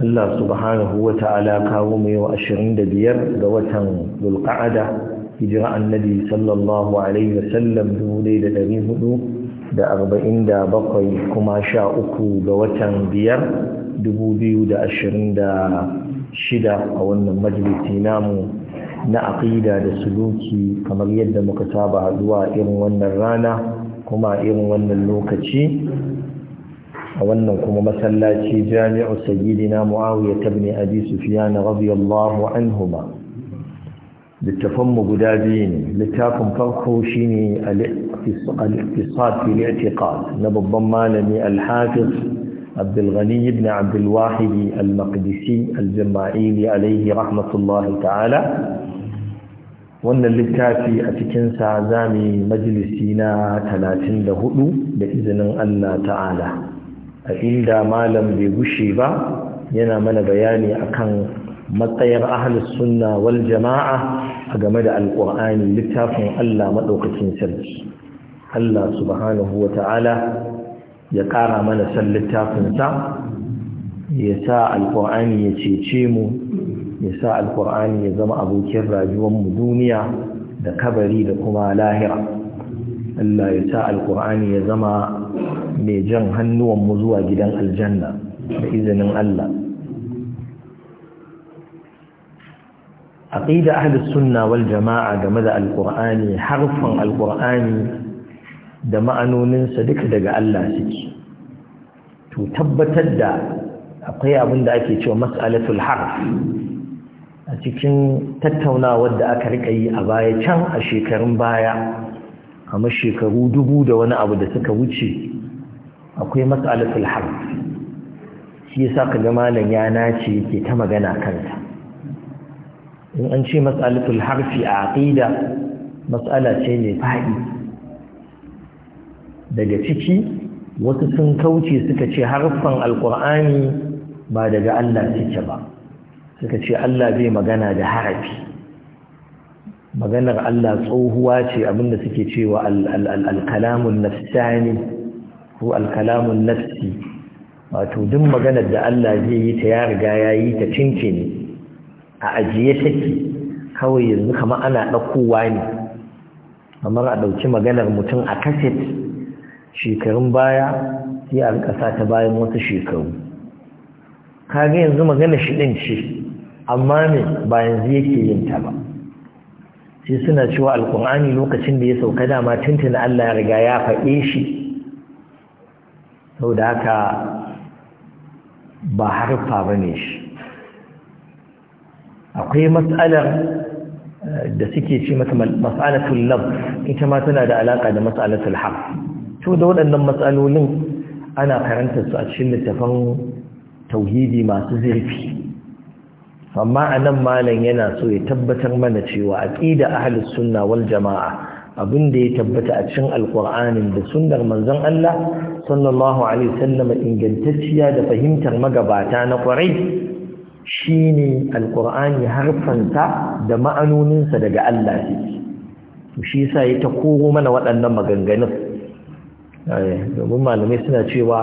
Allah subhanahu wa ta'ala kawo mu yau ashirin da biyar ga watan Zulqa'ada hijira annabi sallallahu alaihi wa sallam dubu da ɗari hudu da arba'in da bakwai kuma sha uku ga watan biyar dubu biyu da ashirin da shida a wannan majalisi namu na aƙida da suluki kamar yadda muka saba haɗuwa irin wannan rana kuma irin wannan lokaci a wannan kuma masallaci jami'u sayyidina muawiya ibn abi sufyan radiyallahu anhuma littafan mu guda biyu ne littafin farko shine al-iqtisad fi al na babban malami al-hafiz عبد الغني بن عبد الواحد المقدسي الجماعيلي عليه رحمة الله wannan littafi a cikin za mu yi majalisi na 34 da izinin Allah ta'ala a inda malam bai gushe ba yana mana bayani akan matsayar ahlus sunna wal jama'a a game da alkur'ani littafin Allah Madaukakin sarki Allah subhanahu wa ta'ala ya ƙara mana san littafinsa ya sa alkur'ani ya cece mu ya sa alƙur'ani ya zama abokin rayuwar mu duniya da kabari da kuma lahira Allah ya sa alƙur'ani ya zama mai jan hannuwanmu zuwa gidan aljanna da izinin Allah aƙida ahlus sunna wal jama'a game da alƙur'ani harfan alƙur'ani da ma'anoninsa duka daga Allah suke to tabbatar da akwai abin da ake cewa mas'alatul harf a cikin tattaunawar da aka rika yi a baya can a shekarun baya kamar shekaru dubu da wani abu da suka wuce akwai matsalatul har shi yasa ka ga malam ya nace yake ta magana kanta in an ce matsalatul harfi a aqida matsala ce mai faɗi daga ciki wasu sun kauce suka ce harfan alkur'ani ba daga Allah suke ba suka ce Allah bai magana da harafi maganar Allah tsohuwa ce abinda suke cewa al-kalamun nafsani ko alkalamun nafsi wato duk maganar da Allah zai yi ta ya riga ya yi ta cinke ne a ajiye take kawai yanzu kamar ana ɗaukowa ne kamar a ɗauki maganar mutum a kaset shekarun baya sai a rika sa ta bayan wasu shekaru kaga yanzu magana shi ɗin ce amma ne ba yanzu yake yin ta ba sai suna cewa alkur'ani lokacin da ya sauka dama tuntuna Allah ya riga ya faɗe shi sau da haka ba harfa ba ne shi akwai matsalar eh, da suke ce masa matsalatul lab ita ma tana da alaƙa da matsalatul haq to da waɗannan matsalolin ana karanta su a cikin littafin tauhidi masu zirfi amma a nan malam yana so ya tabbatar mana cewa aqida ahlus sunna wal jama'a abinda ya tabbata a cikin alƙur'anin da sunnar manzon Allah sallallahu alaihi wasallam ingantacciya da fahimtar magabata na kwarai shine alqur'ani harfansa da ma'anoninsa daga Allah ne shi yasa ya ta koro mana waɗannan maganganun eh, domin malamai suna cewa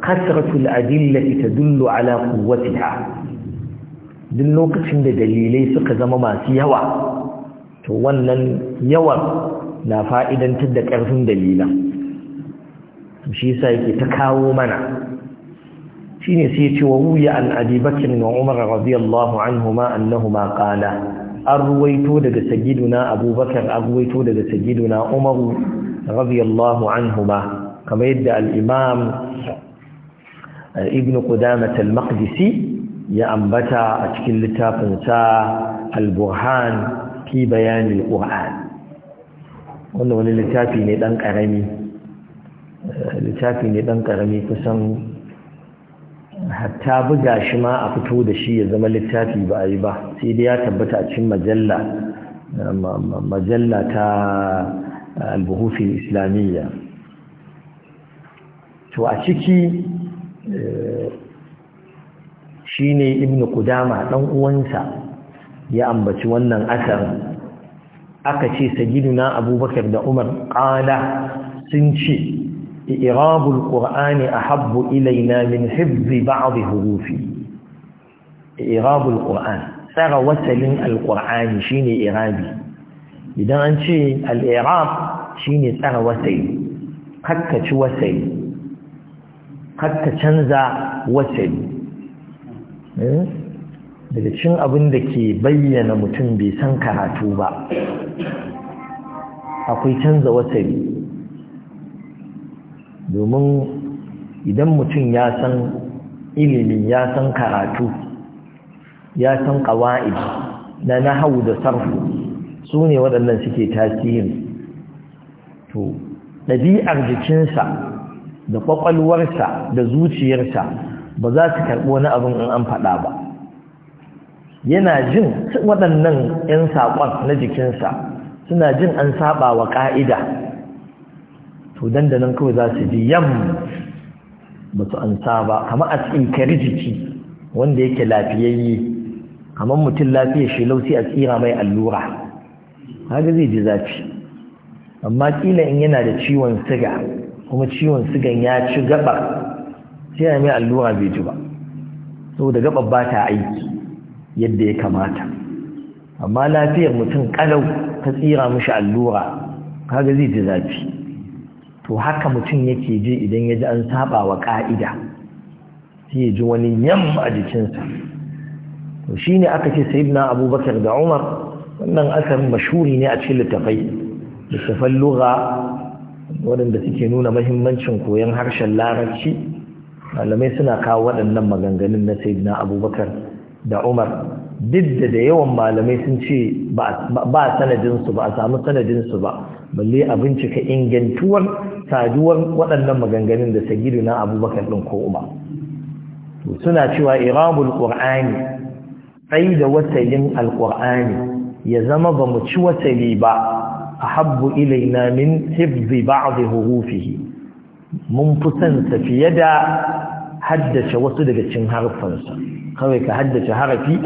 kasratul adillati tadullu ala quwwatiha duk lokacin da dalilai suka zama masu yawa to wannan yawan na fa'idantar da ƙarfin dalilan shi yasa yake ta kawo mana shine sai ya ce wa wuya an abi bakr wa umar radiyallahu anhuma annahuma qala an ruwaito daga sagiduna abubakar an ruwaito daga sagiduna umaru radiyallahu anhuma kamar yadda al'imam eh, ibn qudamat al-maqdisi ya ambata a cikin sa, al-burhan fi bayanin qur'an wannan wani littafi ne dan karami littafi ne ɗan ƙarami kusan hatta buga shi ma a fito da shi ya zama littafi ba a yi ba sai dai ya tabbata a cikin majalla majalla ta eh, albuhufin islamiyya to a ciki eh, shi ne ibn kudama ɗan uwansa ya ambaci wannan asar aka ce na abubakar da umar ƙala sun ce إعراب القرآن أحب إلينا من حفظ بعض حروفه إعراب القرآن سر وسل القرآن شين إعرابي إذا أنت الإعراب شين سر وسل قد وسل قد تنزع وسل daga cin abin da ke bayyana mutum bai san karatu ba akwai canza wasari domin idan mutum ya san ilimi ya san karatu ya san ƙawa'id na nahawu da sarfu su ne waɗannan suke tasiri to ɗabi'ar jikinsa da ƙwaƙwalwarsa da zuciyarsa ba za su karɓo wani abin in an faɗa ba yana jin waɗannan 'yan saƙon na jikinsa suna jin an saɓa wa ƙa'ida to dandanan kawai za su ji yam ba su ansa ba kamar a cikin jiki wanda yake lafiyayye kamar mutum lafiya shi lausi a tsira mai allura haka zai ji zafi amma kila in yana da ciwon siga kuma ciwon sigan ya ci gaba sai ya mai allura bai ji ba saboda gaba ba ta aiki yadda ya kamata amma lafiyar mutum kalau ta tsira mishi allura kaga zai ji zafi to haka mutum yake ji idan ya ji an saba wa ƙa'ida sai ya ji wani yam a jikinsa to shi ne aka ce na abubakar da umar wannan asarin mashuri ne a cikin littafai littafan lura waɗanda suke nuna mahimmancin koyon harshen larabci malamai suna kawo waɗannan maganganun na na abubakar da umar duk da da yawan malamai sun ce ba sanadinsu ba a samu sanadinsu ba balle a bincika ingantuwar saduwar waɗannan maganganun da sagidu na abubakar ɗin ko umar suna cewa irabul ƙur'ani tsaye da watalin alƙur'ani ya zama ba mu ci watali ba a habbu ilaina min hibzi ba'adhi hurufihi mun fi son sa fiye da haddace wasu daga cin harfansa kawai ka haddace harafi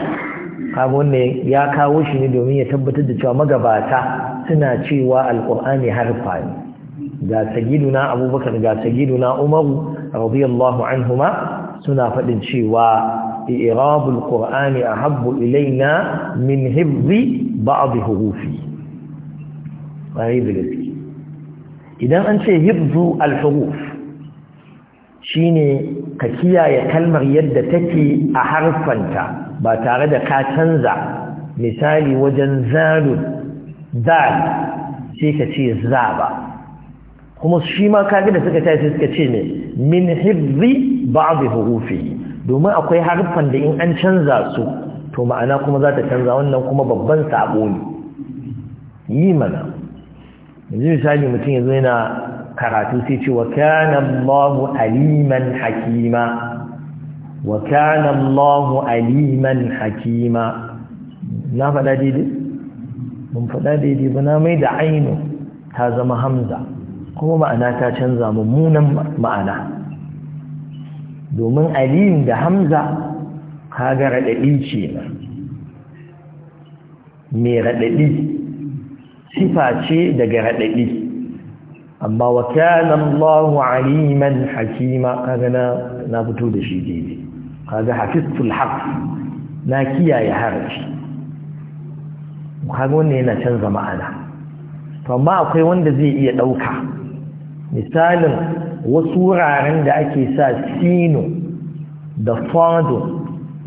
kaga ya kawo shi ne domin ya tabbatar da cewa magabata suna cewa alƙur'ani harfa ne ga sayyiduna abubakar ga sayyiduna umaru radiyallahu anhuma suna faɗin cewa i'rabul qur'ani ahabbu ilaina min hibzi ba'd hurufi gaske idan an ce hibzu al-huruf shine ka kiyaye kalmar yadda take a harfanta ba tare da ka canza misali wajen zalun dal sai ka ce za ba kuma shi ma kaga da suka tashi suka ce ne min hibzi ba'd hurufi domin akwai harfan da in an canza su to ma'ana kuma za ta canza wannan kuma babban sabo ne yi mana yanzu misali mutum yanzu yana karatu sai ce wa kana Allahu aliman hakima wa kana Allahu aliman hakima na faɗa daidai mun faɗa daidai ba na mai da ainu ta zama hamza kuma ma'ana ta canza mummunan ma'ana domin aliyun da hamza kaga raɗaɗi ce mai raɗaɗi sifa ce daga raɗaɗi amma wa kana Allahu aliman hakima kaga na na fito da shi daidai kaga hafizul haq na kiyaye harafi kaga wannan yana canza ma'ana to amma akwai wanda zai iya ɗauka? misalin wasu wuraren da ake sa sino da fado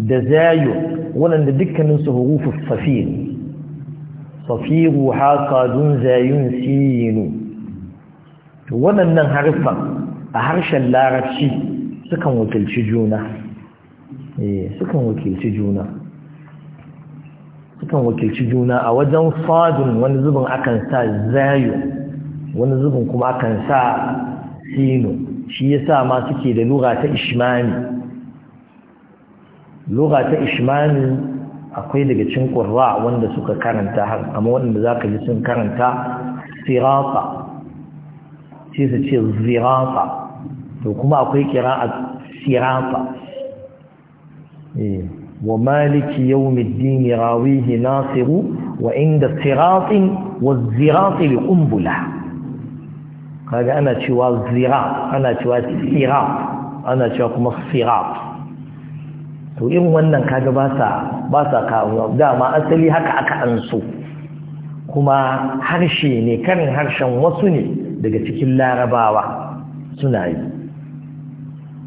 da zayo waɗanda su hurufu safir safiru haka dun zayun sino waɗannan harfan a harshen larabci sukan wakilci juna eh, sukan wakilci juna sukan wakilci juna a wajen fadun wani zubin akan sa zayo wani zubin kuma akan sa sino shi yasa ma suke da lura ta ishmani lura ta ishmani akwai daga cikin ƙurra wanda suka karanta har amma wanda zaka ji sun karanta sirata sai su ce to kuma akwai kira a eh wa maliki yawmiddin rawihi nasiru wa inda wa waz-zirati liqumbula kaga ana cewa zira ana cewa tsira ana cewa kuma tsira to irin wannan kaga ba sa ba sa kawo dama asali haka aka ansu kuma harshe ne karin harshen wasu ne daga cikin larabawa suna yi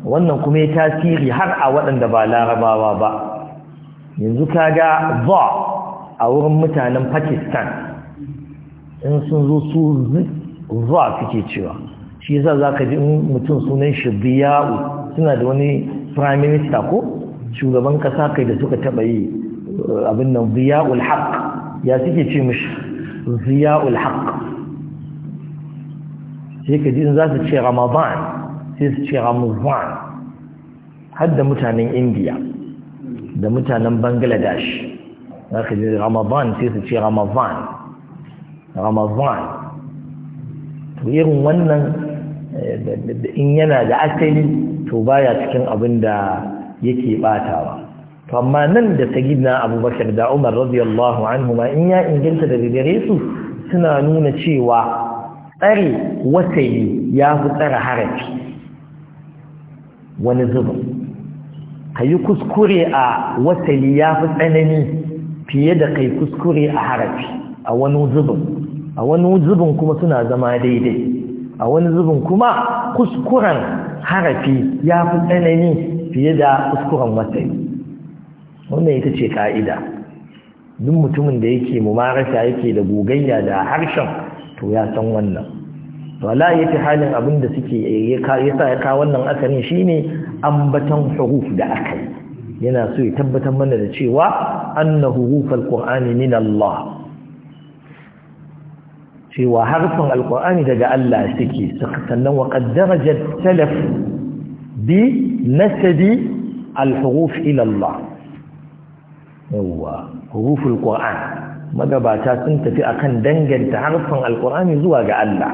wannan kuma ya tasiri har a waɗanda ba larabawa ba yanzu kaga ba a wurin mutanen pakistan in sun zo su zuwa suke cewa shi yasa za ka ji mutum sunan shi biya'u suna da wani prime minister ko shugaban kasa kai da suka taɓa yi eh, abin nan biya'ul haqq ya suke ce mishi biya'ul haqq sai ka ji in za su ce ramadan sai su ce ramadan har da mutanen indiya da mutanen bangladesh za ka ji ramadan sai su ce ramadan ramadan irin wannan eh, in yana da asali to baya cikin abin da yake batawa to amma nan da sagidna abubakar da umar radiyallahu anhuma in ya inganta da gare su suna nuna cewa tsare wasali ya fi tsare harafi wani zuba ka yi kuskure a wasali ya fi tsanani fiye da kai kuskure a harafi a wani zubin a wani zubin kuma suna zama daidai a wani zubin kuma kuskuren harafi ya fi tsanani fiye da kuskuren matsayi wannan ita ce ka'ida duk mutumin da yake mumarasa yake da gogayya da harshen to ya san wannan wala ya fi halin abin da suke ya sa ya kawo wannan asarin shine ambatan huruf da aka yi yana so ya tabbatar mana da cewa anna hurufal qur'ani min Allah cewa harfin alkur'ani daga Allah suke sannan wa qaddara talaf bi nasabi alhuruf ila Allah yawa huruful qur'an magabata sun tafi akan danganta harfin alkur'ani zuwa ga Allah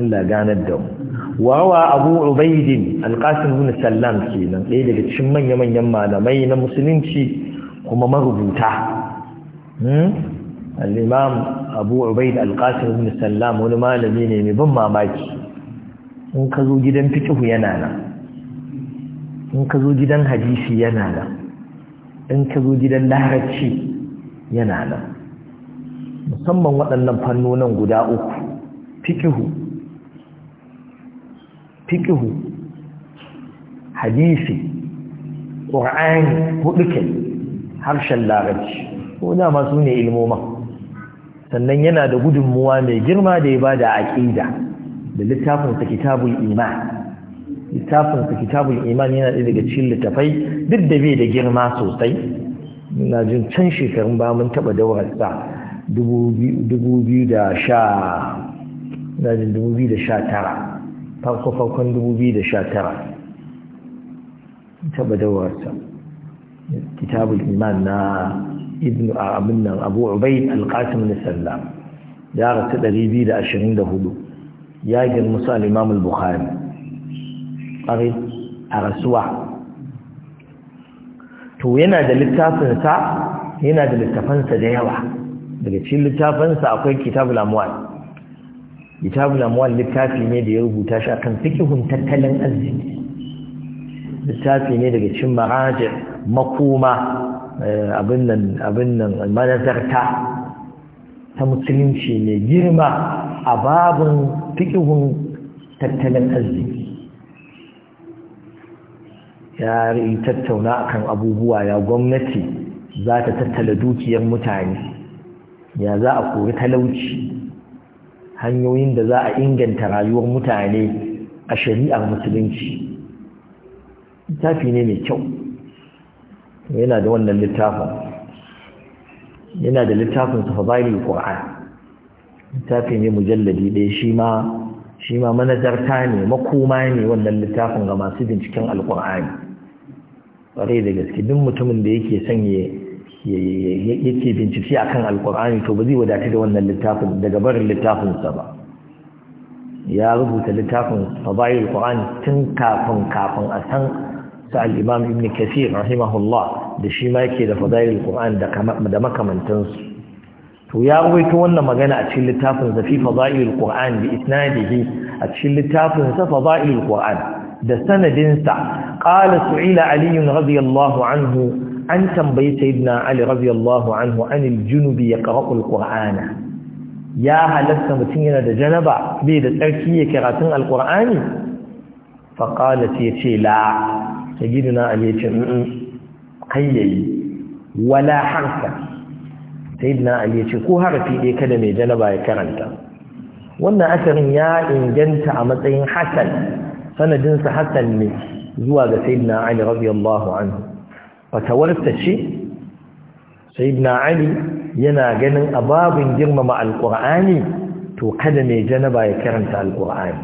Allah ganar da mu wawa abu ubaidin alqasim ibn sallam kenan ɗaya daga cikin manya-manyan malamai na musulunci kuma marubuta hmm? al-imam abu ubaid alqasim ibn sallam wani malami ne mai ban mamaki in ka zo gidan fiqh yana nan in ka zo gidan hadisi yana nan in ka zo gidan larabci yana nan musamman waɗannan fannonin guda uku fiqh fiqh hadisi qur'ani hudu harshen larabci ko da masu ne ilmoman sannan yana da gudunmuwa mai girma da ya ba bada aqida da littafinsa sa kitabul iman Littafinsa sa kitabul iman yana da daga cikin littafai duk da bai da girma sosai ina jin can shekarun ba mun taɓa daurar sa dubu biyu da sha. ina jin dubu biyu da sha tara, farko farkon dubu biyu da sha tara. Taɓa daurar sa kitabul iman na ibn abin nan abu ubaid alqasim bin sallam ya rasu 224 ya girma su al-imam al-bukhari ƙare a rasuwa to yana da littafinsa yana da littafansa da yawa daga cikin littafansa akwai kitabul amwal kitabul amwal littafi ne da ya rubuta shi akan fikihun tattalin arziki littafi ne daga cikin maraji makoma Eh, abin nan abin nan manazarta ta musulunci ne girma a babin fikihun tattalin arziki ya yi tattauna akan abubuwa ya gwamnati za ta tattala dukiyar mutane ya za a kori talauci hanyoyin da za a inganta rayuwar mutane a shari'ar musulunci tafi ne mai kyau yana da wannan littafin yana da littafin tafazailul qur'an littafin ne mujalladi ɗaya shi ma shi ma manazarta ne makoma ne wannan littafin ga masu binciken alqur'ani ƙwarai da gaske duk mutumin da yake son yake bincike akan alqur'ani to ba zai wadata da wannan littafin daga barin littafinsa ba ya rubuta littafin fadailul qur'an tun kafin kafin a san ta al'imam ibn kasir rahimahullah da shi yake da fadayil qur'an da makamantansu to ya ruwaito wannan magana a cikin littafin zafi fadayil qur'an bi isnadihi a cikin littafin sa fadayil qur'an da sanadin sa qala su'ila ali radiyallahu anhu an tambayi sayyidina ali radiyallahu anhu an junubi yaqra'u al ya halatta mutum yana da janaba bai da tsarki ya karatun alqur'ani faqala sai la sayyidina ali ya ce kayyayi wala harfa sayyidina ali ce ko harfi dai kada mai janaba ya karanta wannan asarin ya inganta a matsayin hasan sanadinsa hasan ne zuwa ga sayyidina ali radiyallahu anhu fatawarsa ce sayyidina ali yana ganin ababin girmama alqur'ani to kada mai janaba ya karanta alqur'ani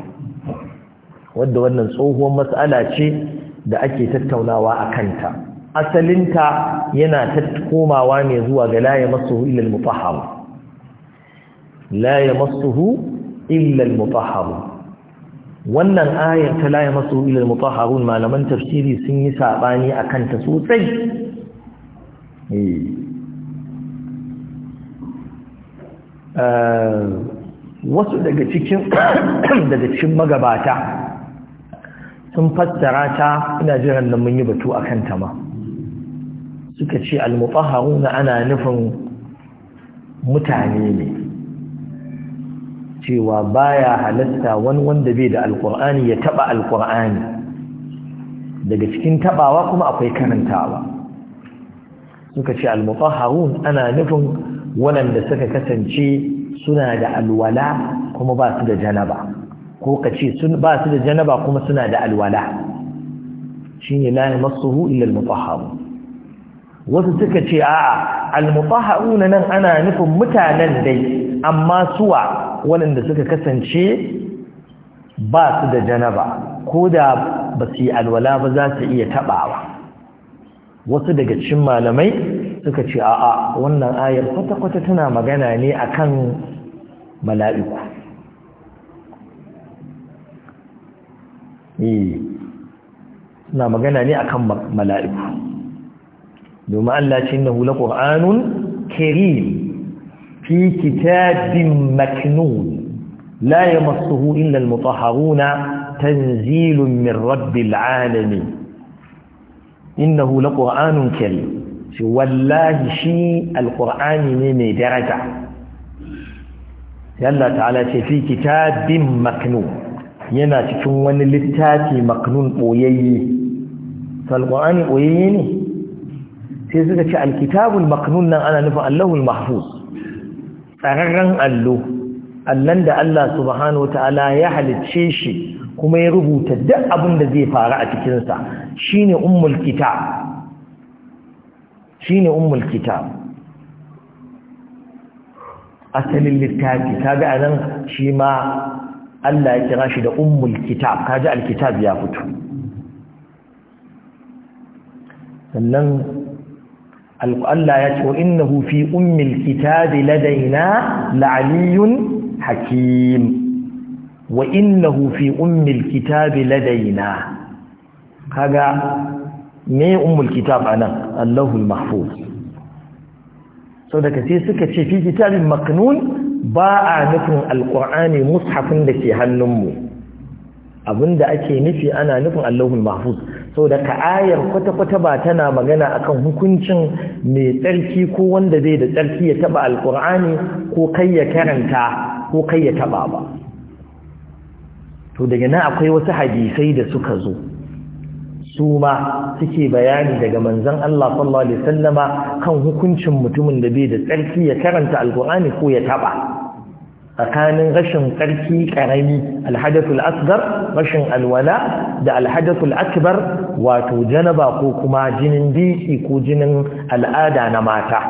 wanda wannan tsohuwar mas'ala ce da ake tattaunawa a kanta asalinta yana komawa ne zuwa ga la masuhu illa mutahhar la yamassuhu illa mutahhar wannan ayar ta la masuhu ilal al malaman tafsiri sun yi sabani akan ta sosai eh, wasu daga cikin daga cikin magabata sun fassara ta ina jiran nan mun yi batu a kanta ma suka ce almutahharuna ana nufin mutane ne cewa baya halatta wani wanda bai da alkur'ani ya taba alkur'ani daga cikin tabawa kuma akwai karantawa suka ce almutahharun ana nufin waɗanda suka kasance suna da alwala kuma ba su da janaba ko ka ce sun ba su da janaba kuma suna da alwala shine la yamassuhu illa al-mutahharun wasu suka ce a'a al na nan ana nufin mutanen dai amma suwa waɗanda suka kasance ba su da janaba ko da ba su yi alwala ba za su iya taɓawa wasu daga cikin malamai suka ce a'a wannan ayar kwata-kwata tana magana ne akan mala'iku Eh, suna magana ne akan mala'iku domin Allah ce hula laqur'anun karim fi kitabin maknun la yamassuhu illa haruna tanzilun min rabbil alamin innahu laqur'anun karim shi wallahi shi alqur'ani ne mai daraja yalla ta'ala ce fi kitabin maknun yana cikin wani littafi maknun ɓoyayye salƙwa'ani ɓoyayye ne sai suka ce alkitabul maknun nan ana nufin allahul mahfuz tsararren allo allon da allah subhanahu ta'ala ya halicce shi kuma ya rubuta duk abin da zai faru a cikinsa shine ummul kitab shine ummul kitab asalin littafi ta anan shi ma Allah ya kira shi da ummul kitab kaji alkitab ya fito sannan Allah ya ce innahu fi ummil kitabi ladaina la'aliyun hakim wa innahu fi ummil kitabi ladaina kaga me ummul kitab anan Allahul mahfuz so daga sai suka ce fi kitabin maknun ba a nufin alƙur'ani mushafin da ke hannunmu abinda ake nufi ana nufin allahul mahfuz sau da ka'ayar kwata-kwata ba tana magana akan hukuncin mai tsarki ko wanda zai da tsarki ya taba alƙur'ani ko kai ya karanta ko kai ya taba ba to daga nan akwai wasu hadisai da suka zo su ma suke bayani daga manzon Allah sallallahu alaihi wasallama kan hukuncin mutumin da bai da tsarki ya karanta alkur'ani ko ya taba tsakanin rashin tsarki karami alhadathul asgar rashin alwala da alhadathul akbar wato janaba ko kuma jinin biki ko jinin al'ada na mata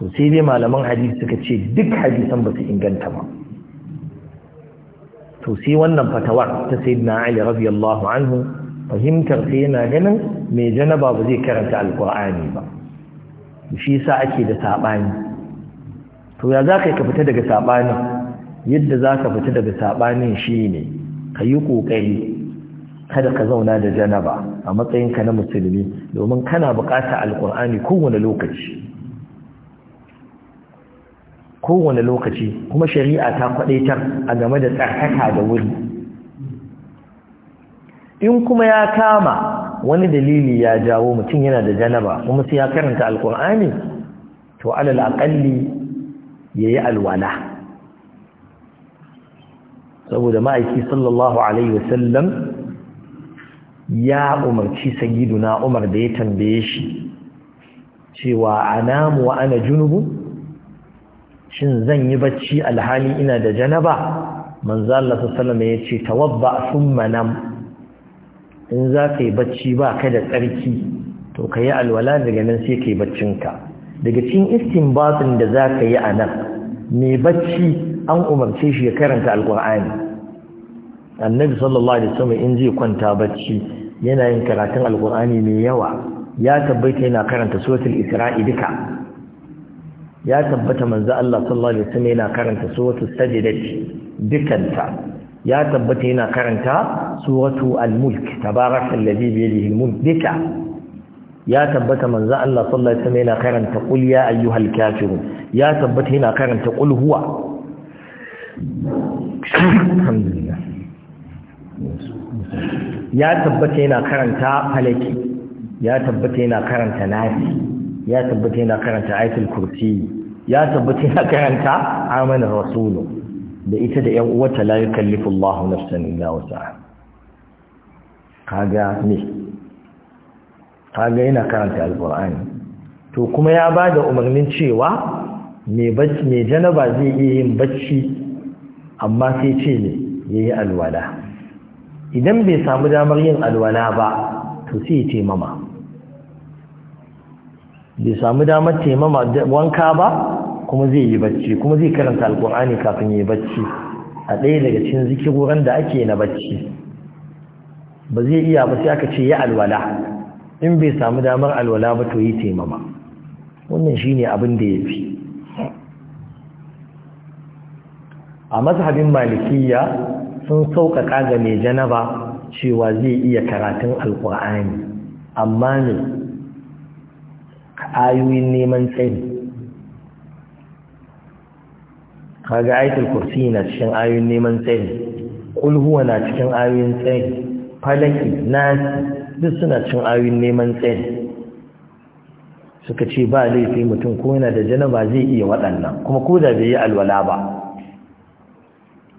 to sai dai malaman hadisi suka ce duk hadisan ba su inganta ba to sai wannan fatawar ta sayyidina Ali radiyallahu anhu fahimtar sai yana ganin mai janaba ba zai karanta alqur'ani ba shi yasa ake da sabani to ya za ka yi ka fita daga saɓanin yadda za ka fita daga saɓanin shi ne ka yi ƙoƙari kada ka zauna da janaba a matsayinka na musulmi domin kana buƙatar alƙur'ani kowane lokaci kowane lokaci kuma shari'a ta kwaɗaitar a game da tsarkaka da wuri in kuma ya kama wani dalili ya jawo mutum yana da janaba kuma sai ya karanta alƙur'ani to alal aƙalli ya yi alwala saboda ma'aiki sallallahu alaihi wasallam ya umarci na umar da ya tambaye shi cewa anamu wa ana junubu shin zan yi bacci alhali ina da janaba manzo Allah sallallahu ya ce tawabba thumma nam in za ka yi bacci ba ka da tsarki to ka yi alwala daga nan sai ka yi baccinka daga cikin istinbatin da za ka yi a nan mai bacci an umarce shi ya karanta alkur'ani annabi sallallahu alaihi wasallam in zai kwanta bacci yana yin karatun alkur'ani mai yawa ya tabbata yana karanta suratul isra'i duka ya tabbata manzo Allah sallallahu alaihi wasallam yana karanta suratul sajdah dukanta ya tabbata yana karanta suratul al-mulk tabarakallazi bi yadihi mulk duka ya tabbata manzo Allah sallallahu alaihi wasallam yana karanta qul ya ayyuhal kafirun ya tabbata yana karanta qul huwa ya tabbata yana karanta falaki ya tabbata yana karanta nafi ya tabbata yana karanta ayatul kursi ya tabbata yana karanta amana rasulu da ita da ƴan uwata la yukallifu Allahu nafsan illa wusaha kaga ne kaga yana karanta alqur'ani to kuma ya bada umarnin cewa mai bacci janaba zai iya yin bacci amma sai ce ne yayi alwala idan bai samu damar yin alwala ba to sai ya taimama bai samu damar taimama wanka ba kuma zai yi bacci kuma zai karanta alkur'ani kafin ya yi bacci a ɗaya daga cikin zikirorin da ake na bacci ba zai iya ba sai aka ce ya alwala in bai samu damar alwala ba to yi taimama wannan shine abin da ya fi a mazhabin malikiya sun sauƙaƙa ga mai janaba cewa zai iya karatun alƙur'ani amma ne ayoyin neman tsari kaga aikin kursi na cikin ayoyin neman tsari ƙulhuwa na cikin ayoyin tsari falaki nasi duk suna cin ayoyin neman tsayin suka ce ba laifi mutum ko yana da janaba zai iya waɗannan kuma ko da bai yi alwala ba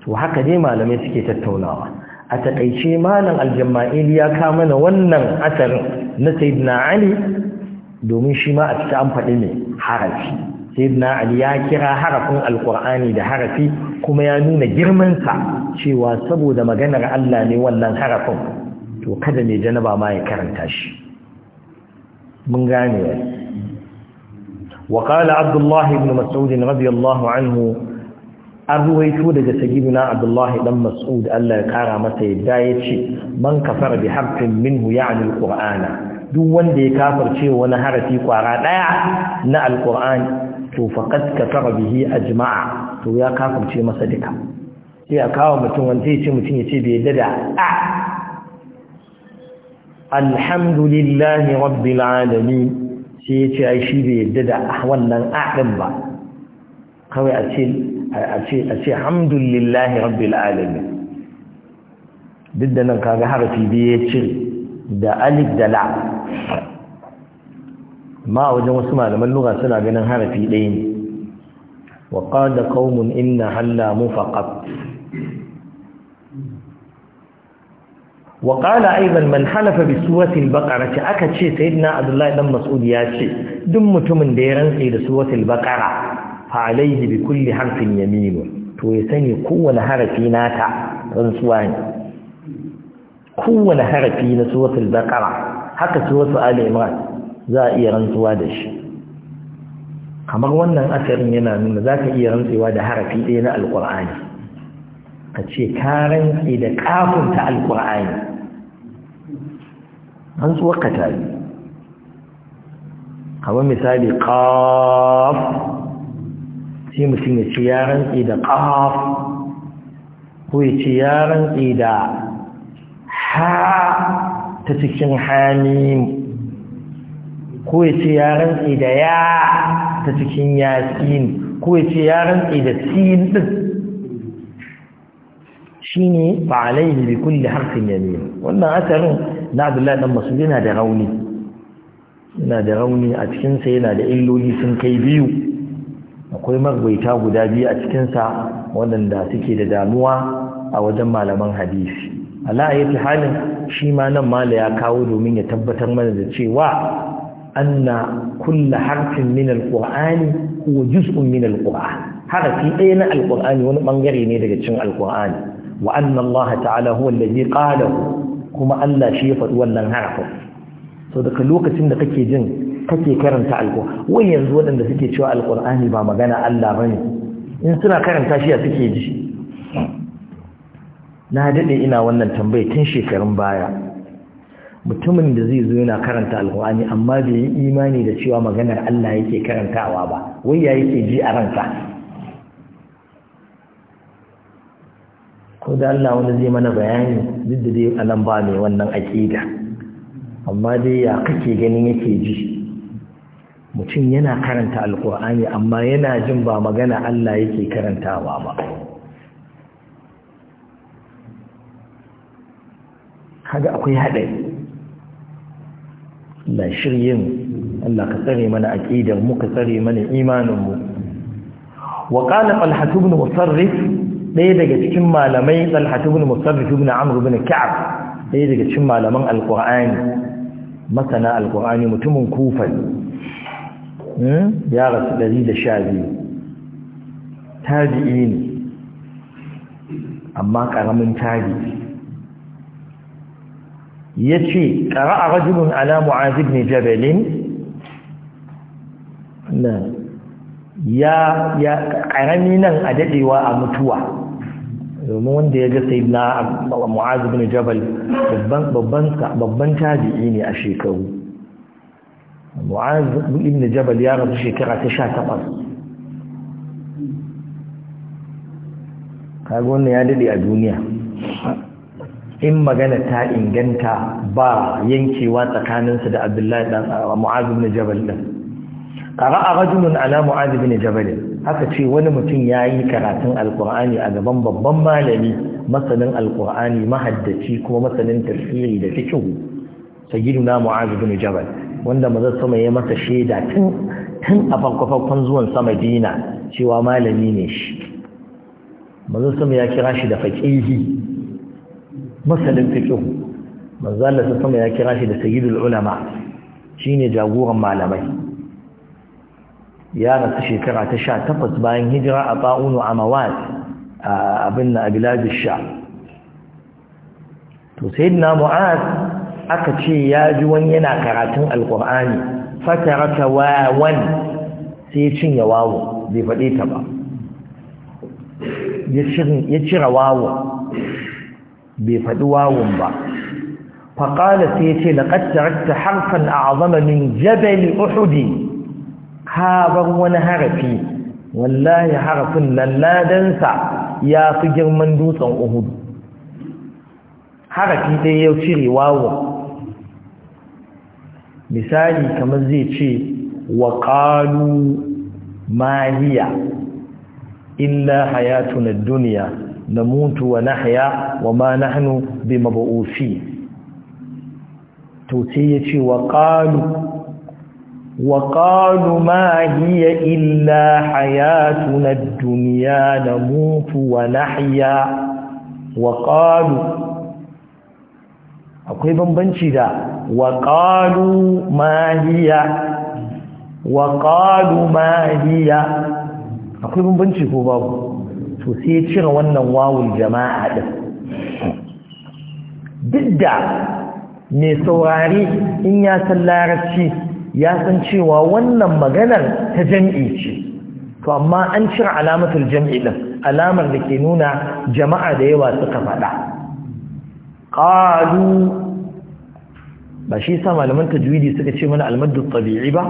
to haka ne malamai suke tattaunawa a taƙaice malam aljamma'il ya kama na wannan asarin na sayyidina ali domin shi ma a cikin an faɗi ne harafi sayyidina ali ya kira harafin alƙur'ani da harafi kuma ya nuna girmansa cewa saboda maganar allah ne wannan harafin to kada ne janaba ma ya karanta shi mun gane wa qala Abdullahi ibn mas'ud radiyallahu anhu arwayto daga sagibina Abdullahi dan mas'ud Allah ya kara masa yadda yace man kafara bi harfin minhu ya'ni alqur'ana duk wanda ya kafarce wani harafi kwara daya na alqur'ani to faqad kafara bihi ajma'a to ya kafirce masa duka sai a kawo mutum wanda ya ce mutum yace bai yadda da a alhamdulillahi rabbil alamin sai ya ce ai shi bai yadda da wannan a'din ba kawai a ce a ce a ce alhamdulillahi rabbil alamin duk da nan kaga harafi biyu ya ce da alif da la ma a wajen wasu malaman lura suna ganin harafi ɗaya ne wa qala qaumun inna halla mufaqat وقال ايضا من حلف بسوره ce aka ce saidina abdullahi dan mas'ud ya ce duk mutumin da ya rantsa da surah al-baqara fa alayhi bi kulli harfin yamin to ya sani kowane harafi nata rantsuwa ne kowane harafi na surah al haka surah al-imran za a iya rantsuwa da shi kamar wannan asarin yana nuna zaka iya rantsewa da harafi ɗaya na al-qur'ani ka ce ka rantsi da kafin ta al rantsuwar ka ta yi misali ƙaf sai mutum ya ce yaran rantsi kaf ƙaf ko ya ce yaran rantsi ha ta cikin hamimu ko ya ce yaran rantsi ya ta cikin yasin ko ya ce yaran rantsi sin shine ba alaihi bi kulli harfin yamin wannan asarin na Abdullahi dan masu yana da rauni yana da rauni a cikin sa yana da illoli sun kai biyu akwai magwaita guda biyu a cikin sa waɗanda suke da damuwa a wajen malaman hadisi ala yati halin shi ma nan mala ya kawo domin ya tabbatar mana da cewa anna kullu harfin min alqur'ani huwa juz'un min alqur'an harafi ɗaya na alqur'ani wani ɓangare ne daga cikin alqur'ani wa anna Allah ta'ala huwa allazi qalahu kuma Allah shi ya faɗi wannan harafin so daga lokacin da kake jin kake karanta alqur'ani wai yanzu waɗanda suke cewa alqur'ani ba magana Allah bane in suna karanta shi ya suke ji na dade ina wannan tambayi tun shekarun baya mutumin da zai zo yana karanta alqur'ani amma bai yi imani da cewa maganar Allah yake karantawa ba wai ya yake ji a ranka ko da Allah wani zai mana bayani duk da dai anan ba ne wannan aƙida amma dai ya kake ganin yake ji mutum yana karanta alkur'ani amma yana jin ba magana Allah yake karantawa ba kaga akwai haɗari Allah shirye Allah ka tsare mana aƙidar mu ka tsare mana imanin mu wa qala talhat ibn ɗaya daga cikin malamai talhatu bin musarrif bin amr bin ka'ab ɗaya daga cikin malaman alqur'ani masana alqur'ani mutumin kufa hmm? ya rasu biyu tabi'i ne amma karamin tabi'i yace qara'a rajulun ala mu'az ibn jabal ya ya nan a daɗewa a mutuwa domin wanda ya ga sayyidina mu'az bin jabal babban tabi'i ne a shekaru Mu'azibin ibn jabal ya rasu shekara ta sha 18 kaga wannan ya dade a duniya in magana ta inganta ba yankewa tsakaninsa da abdullahi dan mu'az bin jabal din qara'a rajulun ala mu'az bin jabal aka ce wani mutum ya yi karatun alkur'ani a gaban babban malami masanin alkur'ani mahaddaci kuma masanin tafsiri da fikihu sayyiduna mu'az bin jabal wanda maza sama ya masa shaida tun tun a farko zuwan sama dina cewa malami ne shi maza sama ya kira shi da faqihi masanin fikihu manzo sama ya kira shi da sayyidul ulama shine jagoran malamai ya rasu shekara ta sha takwas bayan hijira a ba'unu a mawat a abin na sha to sai na mu'ad aka ce ya ji wani yana karatun alkur'ani fatara ta wawan sai ya wawo bai faɗe ta ba ya cira wawo bai faɗi wawon ba faƙala sai ya ce laƙattararta harfan a azama min jabali uhudi habar wani harafi wallahi harafin nan ladansa ya fi girman dutsen uhudu harafi ɗaya ya cire wawo misali kamar zai ce wa ƙalu mahiya illa hayatuna duniya na mutu wa nahya wa ma nahnu bi mabu'ufi to sai ya ce wa ƙalu وقالوا ما هي إلا حياتنا الدنيا نموت ونحيا وقالوا أقول da ذا وقالوا ما هي وقالوا ما هي أقول بمبنشي هو بابو تسيتشغ ونواو الجماعة ده duk da mai saurari in ya san larabci ya san cewa wannan maganar ta jam'i ce to amma an cire alamatul jam'i din alamar da ke nuna jama'a da yawa suka faɗa qalu ba shi sa malaman tajwidi suka ce mana almaddu tabi'i ba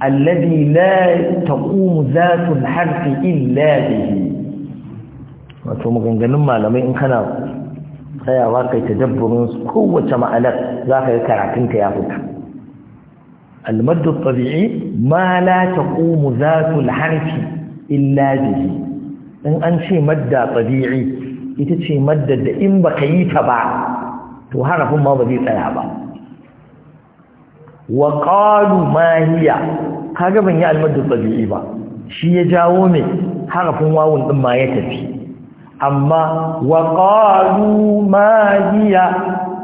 alladhi la taqumu zatu harfi illa bihi wato maganganun malamai in kana tsayawa kai tadabburin kowace ma'anar za ka yi karatunta ya fita المد الطبيعي ما لا تقوم ذات الحرف إلا به إن أنشي مد طبيعي يتشي مد إن بكيت بعد تهرف ما بذيت ألعبا وقالوا ما هي هذا من يا المد الطبيعي با شي جاومي حرف واو ما يتفي أما وقالوا ما هي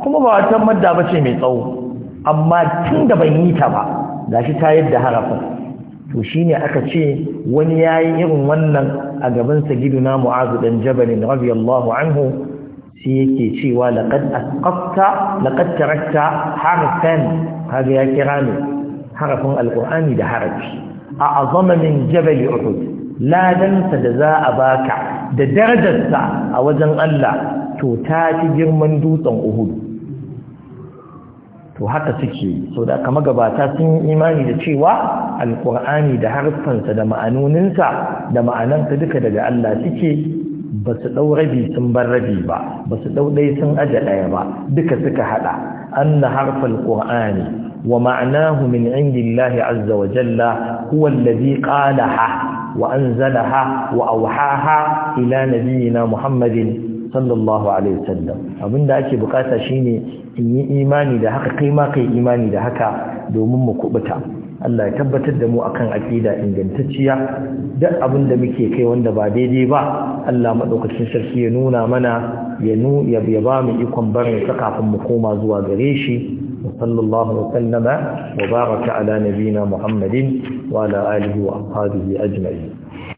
كما بعد مد بشي قوم amma tun da ban yi ta ba shi ta yadda harafin to shine aka ce wani yayi irin wannan a gaban sagiduna mu'azu dan jabal radiyallahu anhu shi yake cewa laqad asqafta laqad tarakta ya kira ne harafin Alƙur'ani da harafi a azamanin min uhud ladansa da za a baka da darajarsa a wajen Allah to ta fi girman dutsen uhud to haka suke so da kama gabata sun yi imani da cewa alkur'ani da harfansa da ma'anoninsa da ma'anansa duka daga Allah suke ba su ɗau rabi sun bar rabi ba ba su ɗau ɗaya sun aje ɗaya ba duka suka haɗa an na harfal ƙur'ani wa ma'anahu min indillahi azza wa jalla huwa alladhi qalaha wa anzalaha wa auhaha ila nabiyyina muhammadin sallallahu alaihi wasallam abinda ake bukata shine in yi imani da haka kai ma kai imani da haka domin mu kubuta Allah ya tabbatar da mu akan aqida ingantacciya duk abin da muke kai wanda ba daidai ba Allah madaukakin sarki ya nuna mana ya nu ya ba mu ikon barin sa kafin mu koma zuwa gare shi sallallahu alaihi wasallama wa baraka ala nabina muhammadin wa ala alihi wa ashabihi ajma'in